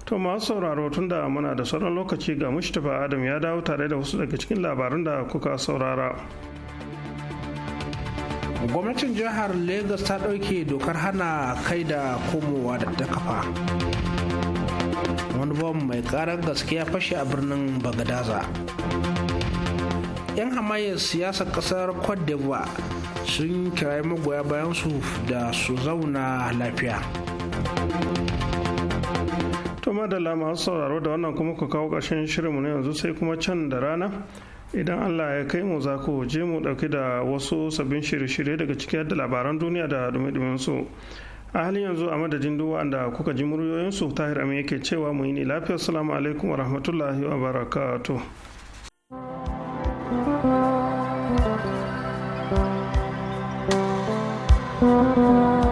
To masu sauraro tun da muna da sauran lokaci ga Mustapha Adam ya dawo tare da wasu daga cikin labarun da kuka saurara. Gwamnatin jihar Legas ta ɗauke dokar hana kai da komowa da ta kafa. Wani bom mai ƙarar gaske ya fashe a birnin Bagadaza. 'Yan hamayar siyasar ƙasar Cote d'Ivoire sun kirayi magoya bayansu da su zauna lafiya to da masu sauraro da wannan kuma ku kawo ƙarshen shirinmu na yanzu sai kuma can da rana idan allah ya kai mu za ku je mu ɗauki da wasu sabbin shirye-shirye daga cikin da labaran duniya da dumi su a halin yanzu a madadin duk wanda kuka ji muryoyinsu tahir amin yake cewa mu yi ni lafiya salamu alaikum wa rahmatullahi wa barakatuh Thank you.